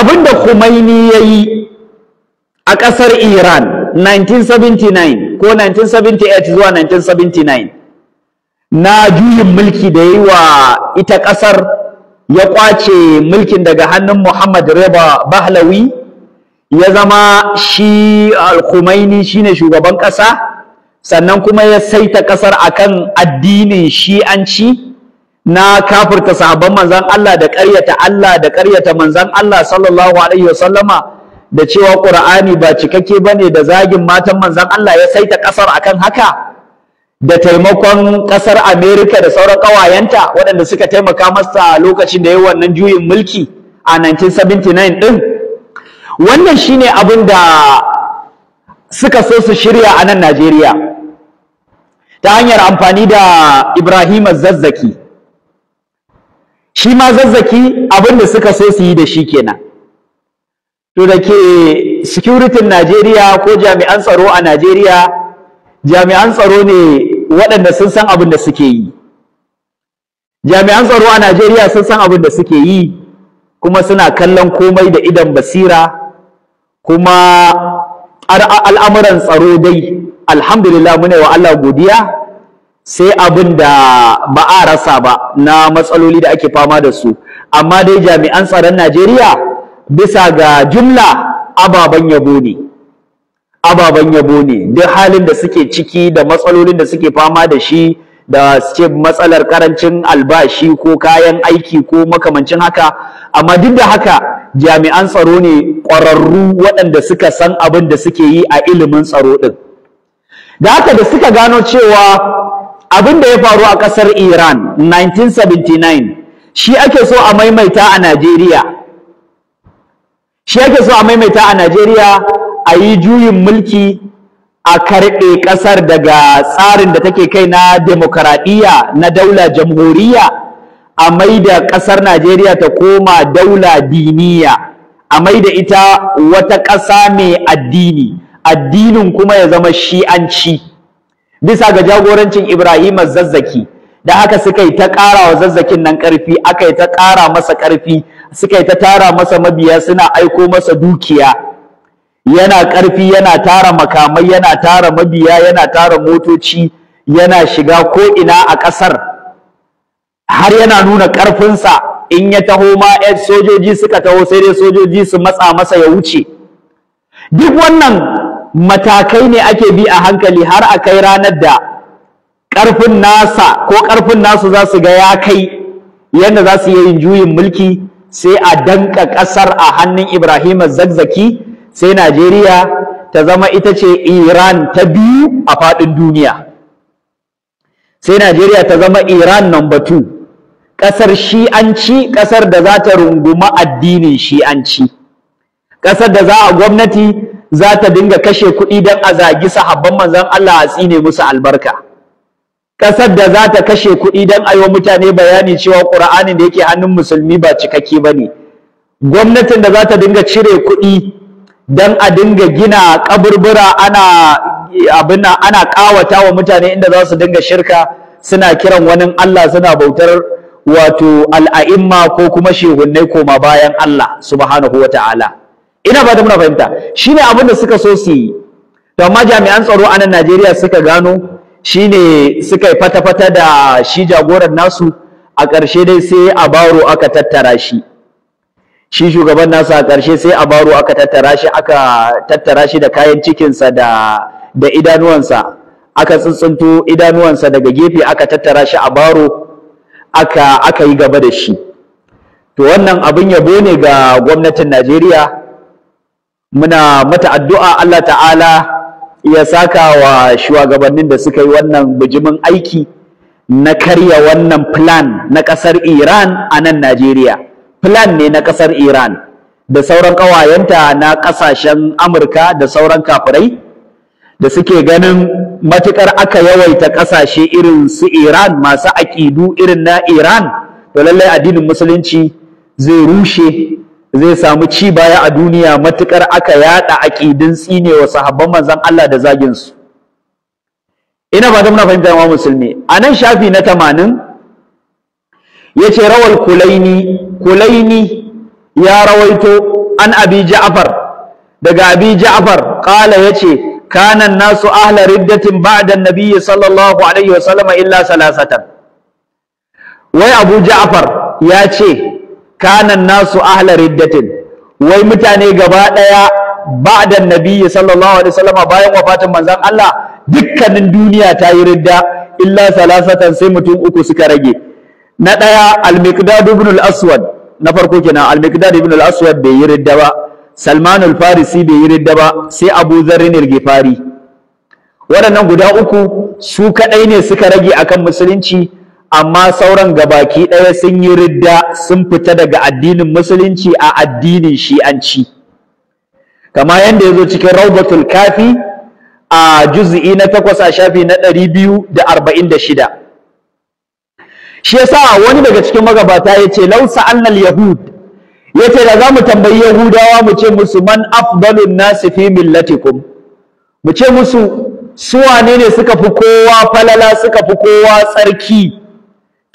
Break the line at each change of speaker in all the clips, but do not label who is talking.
abinda Khomeini ya yi a ƙasar Iran 1979 ko 1978 zuwa 1979 na juyin mulki da yi wa ita ƙasar ya ƙwace mulkin daga hannun Muhammad Reba Bahlawi ya zama shi al-Khomeini shine shugaban ƙasa sannan kuma ya saita ƙasar a kan addinin shi'anci na kafirta sahabban manzan Allah da ƙaryata Allah da ƙaryata manzan Allah sallallahu alaihi wasallama da cewa Qur'ani ba cikakke bane da zagin matan manzan Allah ya saita ƙasar akan haka da taimakon ƙasar Amerika da sauran ƙawayenta waɗanda suka taimaka masa lokacin da ya wannan juyin mulki a 1979 din, wannan shine abin da suka so su shirya a nan Najeriya ta hanyar amfani da Ibrahim Zazzaki. shi ma zazzaki abin da suka so su yi da shi kenan to da ke sikuritin Najeriya ko jami'an tsaro a Najeriya jami'an tsaro ne waɗanda sun san abin da suke yi jami'an tsaro a Najeriya sun san abin da suke yi kuma suna kallon komai da idan basira kuma al'amuran tsaro dai alhamdulillah muna wa Allah godiya sai abin da ba a rasa ba na matsaloli da ake fama da su amma dai jami'an tsaron Najeriya bisa ga jumla ababen yabo ne ababen yabo ne duk halin da suke ciki da matsalolin da suke fama da shi da suke matsalar karancin albashi ko kayan aiki ko makamancin haka amma duk da haka jami'an tsaro ne ƙwararru waɗanda suka san abin da suke yi a ilimin tsaro ɗin da haka da suka gano cewa abin da ya faru a ƙasar Iran 1979 shi ake so a maimaita a Najeriya shi ake so a maimaita a Najeriya a yi juyin mulki a karɓe ƙasar daga tsarin da take kai na demokaradiyya na daula jamhuriya a maida ƙasar Najeriya ta koma daula diniya a maida ita wata ƙasa mai addini addinin kuma ya zama shi'anci bisa ga jagorancin Ibrahim zazzaki da aka suka yi ta ƙara zazzakin nan ƙarfi aka yi ta ƙara masa ƙarfi suka yi ta tara masa mabiya suna aiko masa dukiya yana ƙarfi yana tara makamai yana tara mabiya yana tara motoci yana shiga ko ina a ƙasar har yana nuna ƙarfinsa in ya taho ma sojoji suka taho sai dai sojoji su matsa masa ya wuce duk wannan matakai ne ake bi a hankali har a kai ranar da ƙarfin nasa ko ƙarfin nasu za su ga ya kai yadda za su yi juyin mulki sai a danka ƙasar a hannun Ibrahim Zagzaki sai Najeriya ta zama ita ce Iran ta biyu a faɗin duniya sai Najeriya ta zama Iran number two ƙasar shi'anci ƙasar da za ta runguma addinin shi'anci ƙasar da za a gwamnati za ta dinga kashe kuɗi dan a zagi sahabban manzon Allah a tsine musu albarka ƙasar da za ta kashe kuɗi don a yi mutane bayani cewa Ƙur'ani da yake hannun musulmi ba cikakke ba ne gwamnatin da za ta dinga cire kuɗi don a dinga gina kaburbura ana abin ana ƙawata wa mutane inda za su dinga shirka suna kiran wani Allah suna bautar wato al'a'imma ko kuma shehunnai koma bayan Allah subhanahu wa ina ba da muna fahimta shine abin da suka so su yi to amma jami'an tsaro a nan Najeriya suka gano shine suka fata-fata da shi jagoran nasu a ƙarshe dai sai a baro aka tattara shi shi shugaban nasu a ƙarshe sai a baro aka tattara shi aka tattara shi da kayan cikinsa da da idanuwansa aka tsintsinto idanuwansa daga gefe aka tattara shi a baro aka aka yi gaba da shi to wannan abin yabo ne ga gwamnatin Najeriya muna mata addu'a Allah ta'ala ya saka wa shugabannin da suka yi wannan bijimin aiki na karya wannan plan na ƙasar Iran a nan Najeriya plan ne na ƙasar Iran da sauran ƙawayenta na ƙasashen Amurka da sauran kafirai da suke ganin matuƙar aka yawaita ƙasashe irin su Iran masu aƙidu irin na Iran to lallai addinin musulunci zai rushe zai samu ci baya a duniya matukar aka yada aqidin tsinewa sahabban manzan Allah da zaginsu. ina fata muna fahimta 'yawan musulmi anan shafi na Ya yace rawar kulaini kulaini ya rawaito an abi ja'afar. daga abi ƙala qala yace 'Kanan an-nasu ahla riddatin ba'da an sallallahu alaihi wasallam illa salasatan wai abu ja'far ya ce kanan nasu ahla riddatin wai mutane gaba daya ba'da nabiyyi sallallahu alaihi wasallam bayan wafatin manzon Allah dukkanin duniya ta yi ridda illa salasatan sai mutum uku suka rage na daya al-miqdad ibn al-aswad na farko kenan al-miqdad ibn al-aswad bai yi ridda ba salman al-farisi bai yi ridda ba sai abu zarrin al-gifari waɗannan guda uku su kadai ne suka rage akan musulunci amma sauran gabaki ɗaya sun yi ridda sun fita daga addinin musulunci a addinin shi'anci kama yadda ya zo cikin raubatul kafi a juz'i na takwas a shafi na ɗari biyu da arba'in da shida shi yasa wani daga cikin magabata ya ce lausa annal yahud ya ce da za mu tambayi yahudawa mu ce musu man afdalun nasi fi millatikum mu ce musu su wane ne suka fi kowa falala suka fi kowa tsarki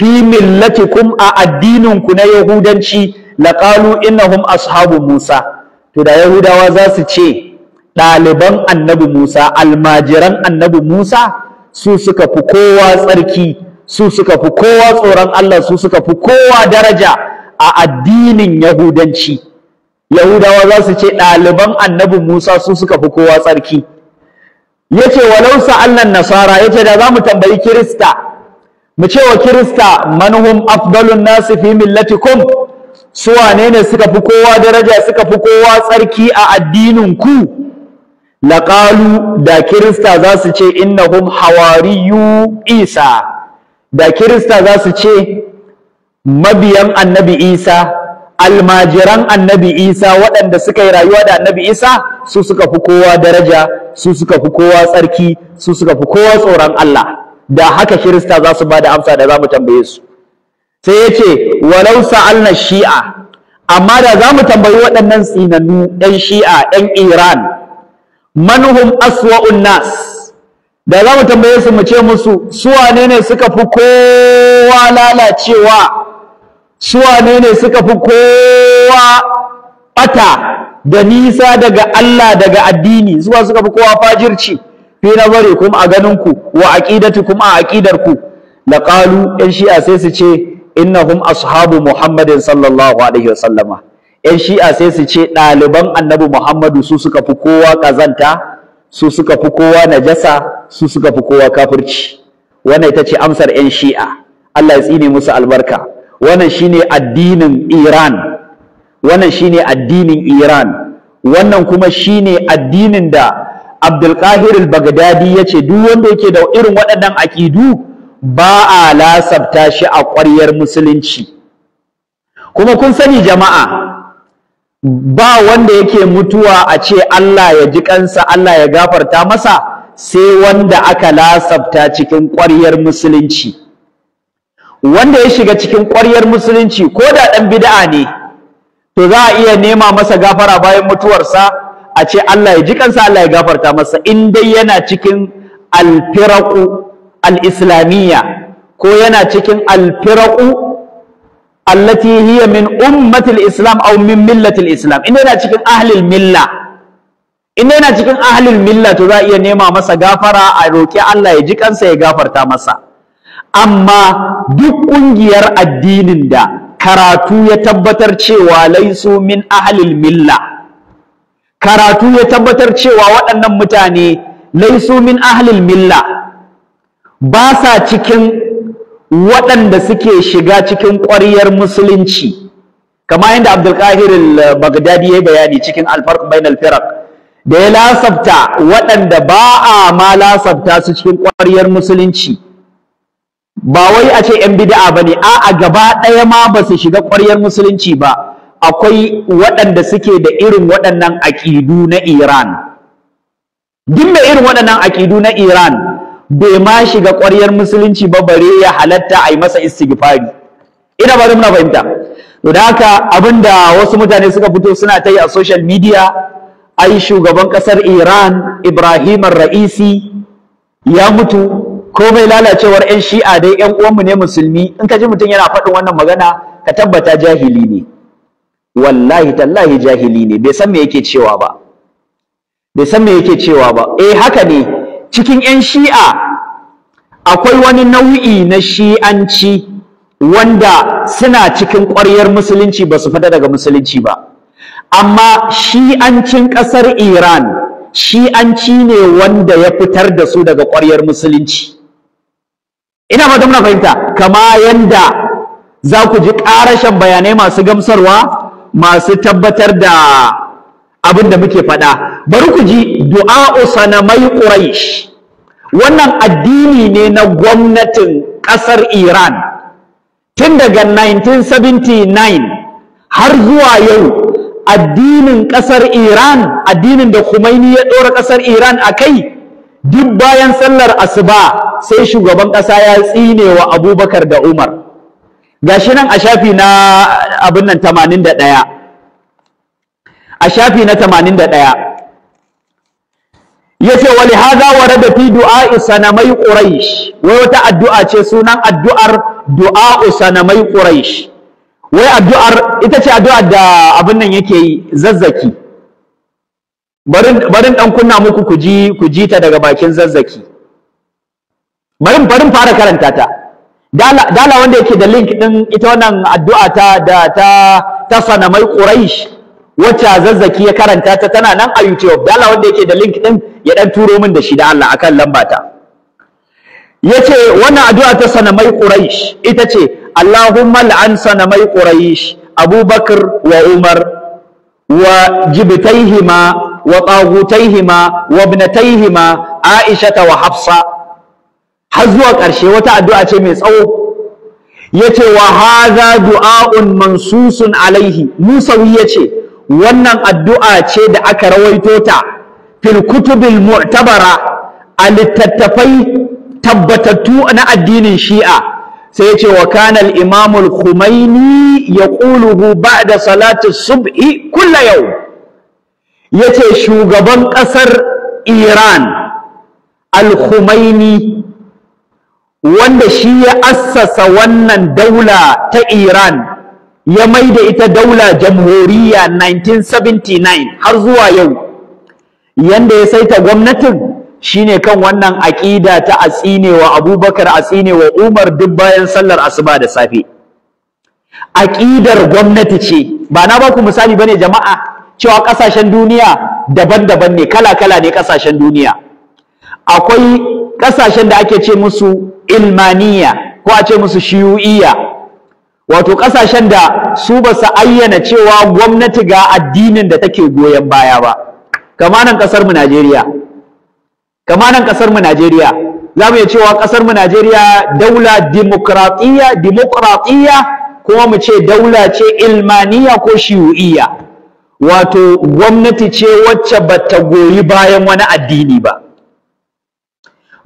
fi millatikum a addininku na yahudanci laqalu innahum ashabu musa to da yahudawa za su ce ɗaliban annabi musa almajiran annabi musa su suka fi kowa tsarki su suka fi kowa tsoron allah su suka fi kowa daraja a addinin yahudanci yahudawa za su ce ɗaliban annabi musa su suka fi kowa tsarki yace walau sa'alnan nasara yace da za mu tambayi kirista mu ce wa kirista manhum afdalun nasi fi millatikum su wane ne suka fi kowa daraja suka fi kowa tsarki a addinin ku laqalu da kirista za su ce innahum hawariyu isa da kirista za su ce mabiyan annabi isa almajiran annabi isa waɗanda suka yi rayuwa da annabi isa su suka fi kowa daraja su suka fi kowa tsarki su suka fi kowa tsoron allah da haka kirista za su ba da amsa da za mu tambaye su sai ya ce walau sa'alna shi'a amma da za mu tambayi waɗannan tsinannu ɗan shi'a ɗan iran manhum aswa'un nas da za mu tambaye su mu ce musu suwa ne suka fi kowa lalacewa suwane ne suka fi kowa ɓata da nisa daga Allah daga addini zuwa suka fi kowa fajirci fi kuma a ganin ku wa kuma a aqidar ku qalu yan shi'a sai su ce innahum ashabu muhammadin sallallahu alaihi wasallama yan shi'a sai su ce ɗaliban annabi muhammadu su suka fi kowa kazanta, su suka fi kowa najasa su suka fi kowa kafirci wannan ita ce amsar yan shi'a Allah ya tsine musu albarka wannan shine addinin Iran wannan shine addinin Iran wannan kuma shine addinin da abdulkahir al-bagdadi ya ce duk wanda yake da irin waɗannan akidu ba a lasabta shi a ƙwaryar musulunci kuma kun sani jama'a ba wanda yake mutuwa a ce Allah ya ji kansa Allah ya gafarta masa sai wanda aka lasabta cikin ƙwaryar musulunci wanda ya shiga cikin ƙwaryar musulunci ko da ɗan bid'a ne to za a iya nema masa gafara bayan mutuwarsa a ce Allah ya ji kansa Allah ya gafarta masa in dai yana cikin alfiraku al-islamiyya ko yana cikin alfiraku allati hiya min ummatil islam aw min millatil islam in yana cikin ahlil milla in yana cikin ahlil milla to za a iya nema masa gafara a roki Allah ya ji kansa ya gafarta masa amma duk kungiyar addinin da karatu ya tabbatar cewa laisu min ahlil milla karatu ya tabbatar cewa waɗannan mutane laisu min ahlil milla ba sa cikin waɗanda suke shiga cikin ƙwariyar musulunci kama yadda abdulkahir al-baghdadi ya yi bayani cikin alfarq bain al da ya lasafta waɗanda ba a ma lasafta su cikin ƙwariyar musulunci ba wai a ce 'yan bida'a ba ne a'a gaba ɗaya ma ba su shiga ƙwariyar musulunci ba akwai waɗanda suke da irin waɗannan aƙidu na Iran duk mai irin waɗannan aƙidu na Iran bai ma shiga ƙwaryar musulunci ba bare ya halatta a yi masa istighfari ina ba muna fahimta to da haka da wasu mutane suka fito suna ta yi a social media ai shugaban ƙasar Iran Ibrahim Ra'isi ya mutu ko mai lalacewar 'yan shi'a dai 'yan uwanmu ne musulmi in ka ji mutum yana faɗin wannan magana ka tabbata jahili ne wallahi tallahi jahili ne bai san me yake cewa ba bai san me yake cewa ba eh haka ne cikin yan shi'a akwai wani nau'i na shi'anci wanda suna cikin ƙwaryar musulunci ba su fita daga musulunci ba amma shi'ancin ƙasar Iran shi'anci ne wanda ya fitar da su daga ƙwaryar musulunci ina fata muna fahimta kama yanda za ku ji ƙarashen bayanai masu gamsarwa masu tabbatar da abin da muke faɗa bari ku ji du'a'u sanamai quraish wannan addini ne na gwamnatin ƙasar iran tun daga 1979 har zuwa yau addinin ƙasar iran addinin da Khomeini ya ɗora ƙasar iran a kai duk bayan sallar asuba sai shugaban ƙasa ya tsinewa abubakar da umar gashi nan a shafi na abin nan 81 a shafi na 81 yace wali hada warada fi du'a'i sanamai quraish wai wata addu'a ce sunan addu'ar du'a sanamai quraish wai addu'ar ita ce addu'ar da abin nan yake yi zazzaki barin barin dan kunna muku ku ji ta daga bakin zazzaki barin barin fara karanta ta dala wanda yake da link din ita wannan addu'a ta da ta ta sanamai quraish wacce zazzaki ya karanta ta tana nan a youtube dala wanda yake da link din ya dan turo min da shi da Allah akan lamba ta yace wannan addu'a ta sanamai quraish ita ce Allahumma la'an sanamai quraish Abubakar wa Umar wa jibtaihima wa tagutaihima wa ibnataihima Aisha wa Hafsa har zuwa ƙarshe wata addu'a ce mai tsawo yace wa hadha du'a'un mansusun alaihi musawi yace wannan addu'a ce da aka rawaito ta fil kutubil mu'tabara a littattafai tabbatattu na addinin shi'a sai yace wa kana al imam al khumaini yaquluhu ba'da salati subhi kullu yau yace shugaban kasar iran al khumaini wanda shi ya assasa wannan daula ta Iran ya mai da ita daula jamhuriya 1979 har zuwa yau yanda ya saita gwamnatin shine kan wannan aƙida ta atsinewa Abubakar atsinewa Umar duk bayan sallar asuba da safe aƙidar gwamnati ce ba na baku misali bane jama'a cewa ƙasashen duniya daban-daban ne kala-kala ne ƙasashen duniya akwai ƙasashen da ake ce musu ilmaniya ko a ce musu shiyu'iya wato ƙasashen da su ba su ayyana cewa gwamnati ga addinin da take goyon baya ba kamanan nan mu Najeriya kama nan mu Najeriya za mu iya cewa ƙasarmu mu Najeriya daula demokratiya demokratiya kuma mu ce daula ce ilmaniya ko shiyu'iya wato gwamnati ce wacce ba ta goyi bayan wani addini ba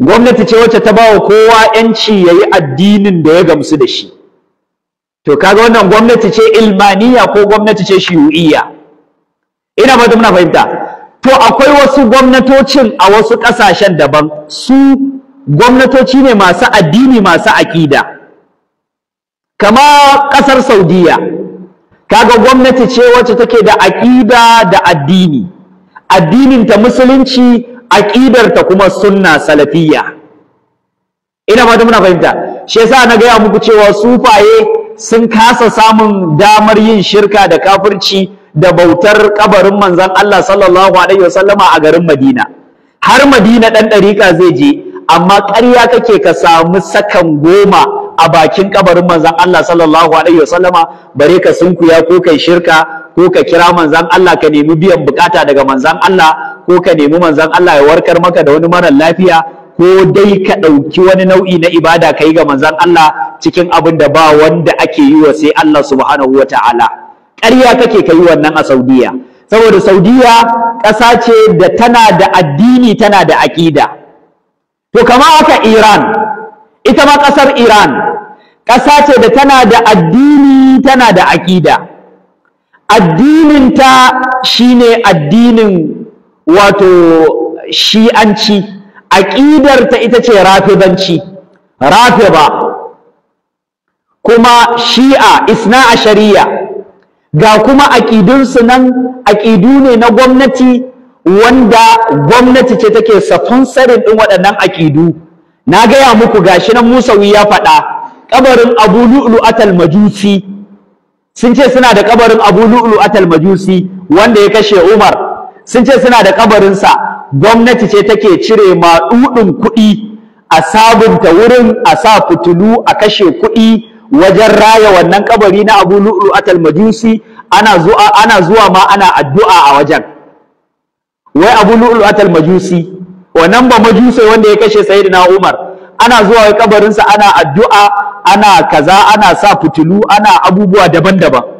gwamnati ce wacce ta ba wa kowa ‘yanci ya yi addinin da ya gamsu da shi to kaga wannan gwamnati ce ilmaniya ko gwamnati ce shiyu'iyya ina ba muna fahimta to akwai wasu gwamnatocin a wasu ƙasashen daban su gwamnatoci ne masu addini masu aƙida kama ƙasar saudiya kaga gwamnati ce wacce take da aƙida da addini addininta musulunci ta kuma sunna salafiyya ina ba muna fahimta shi yasa na gaya muku cewa sufaye sun kasa samun damar yin shirka da kafirci da bautar kabarin manzon Allah sallallahu alaihi wasallama a garin Madina har Madina dan ɗarika zai je amma ƙarya kake ka samu sakan goma a bakin kabarin manzon Allah sallallahu alaihi wasallama bare ka sunkuya ko kai shirka ko ka kira manzon Allah ka nemi biyan bukata daga manzon Allah ko ka nemi manzon Allah ya warkar maka da wani mara lafiya ko dai ka ɗauki wani nau'i na ibada ka yi ga manzon Allah cikin abin da ba wanda ake yi wa sai Allah subhanahu wa ta'ala ƙarya kake ka yi wannan a Saudiya saboda Saudiya ƙasa ce da tana da addini tana da aƙida to kama haka Iran ita ma ƙasar Iran ƙasa ce da tana da addini tana da aƙida addininta shine addinin wato shi'anci aƙidar ta ita ce rafidanci rafiba kuma shi'a isna a shari'a ga kuma aƙidunsu nan aƙidu ne na gwamnati wanda gwamnati ce take sarin ɗin waɗannan aƙidu na gaya muku gashi nan musawi ya faɗa ƙabarin abu lu'ulu atal majusi sun ce suna da ƙabarin abu lu'ulu atal majusi wanda ya kashe umar sun ce suna da kabarinsa gwamnati ce take cire maɗuɗin kuɗi a sabunta wurin a sa fitilu a kashe kuɗi wajen raya wannan kabari na Abu Lu'lu atal Majusi ana zuwa ana zuwa ma ana addu'a a wajen wai Abu Lu'lu atal Majusi wannan ba Majusi wanda ya kashe Sayyidina Umar ana zuwa wai kabarinsa ana addu'a ana kaza ana sa fitilu ana abubuwa daban-daban